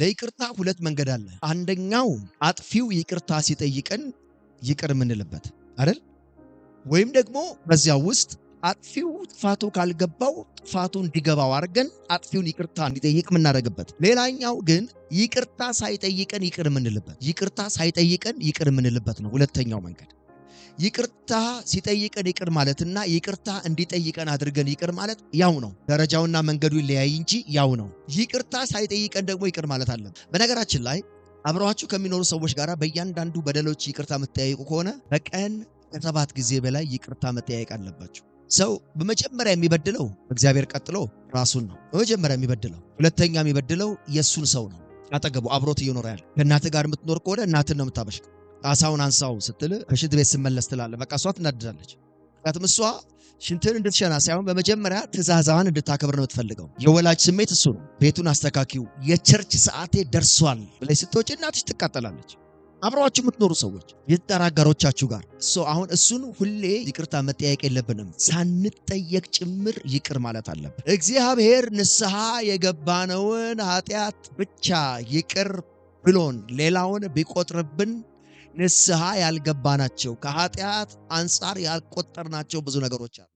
ለይቅርታ ሁለት መንገድ አለ። አንደኛው አጥፊው ይቅርታ ሲጠይቀን ይቅር የምንልበት አይደል? ወይም ደግሞ በዚያው ውስጥ አጥፊው ጥፋቱ ካልገባው ጥፋቱ እንዲገባው አድርገን አጥፊውን ይቅርታ እንዲጠይቅ የምናደርግበት። ሌላኛው ግን ይቅርታ ሳይጠይቀን ይቅር የምንልበት፣ ይቅርታ ሳይጠይቀን ይቅር የምንልበት ነው ሁለተኛው መንገድ። ይቅርታ ሲጠይቀን ይቅር ማለትና ይቅርታ እንዲጠይቀን አድርገን ይቅር ማለት ያው ነው። ደረጃውና መንገዱ ይለያይ እንጂ ያው ነው። ይቅርታ ሳይጠይቀን ደግሞ ይቅር ማለት አለን። በነገራችን ላይ አብረዋችሁ ከሚኖሩ ሰዎች ጋር በእያንዳንዱ በደሎች ይቅርታ የምትጠያይቁ ከሆነ በቀን ከሰባት ጊዜ በላይ ይቅርታ መጠያየቅ አለባችሁ። ሰው በመጀመሪያ የሚበድለው እግዚአብሔር ቀጥሎ ራሱን ነው። በመጀመሪያ የሚበድለው ሁለተኛ የሚበድለው የእሱን ሰው ነው አጠገቡ አብሮት እየኖረ ያለ። ከእናትህ ጋር የምትኖር ከሆነ እናትን ነው የምታበሽቀው። አሳውን አንሳው ስትል ከሽንት ቤት ስመለስ ትላለ። በቃ እሷ ትናደዳለች። ምክንያቱም እሷ ሽንትን እንድትሸና ሳይሆን በመጀመሪያ ትእዛዛዋን እንድታከብር ነው የምትፈልገው። የወላጅ ስሜት እሱ ነው። ቤቱን አስተካኪው፣ የቸርች ሰዓቴ ደርሷል ብለሽ ስትወጪ እናትሽ ትቃጠላለች። አብረዋችሁ የምትኖሩ ሰዎች የተጠራጋሮቻችሁ ጋር አሁን እሱን ሁሌ ይቅርታ መጠያየቅ የለብንም። ሳንጠየቅ ጭምር ይቅር ማለት አለብን። እግዚአብሔር ንስሐ የገባነውን ኃጢአት ብቻ ይቅር ብሎን ሌላውን ቢቆጥርብን ንስሐ ናቸው። ከኃጢአት አንጻር ናቸው ብዙ ነገሮች አሉ።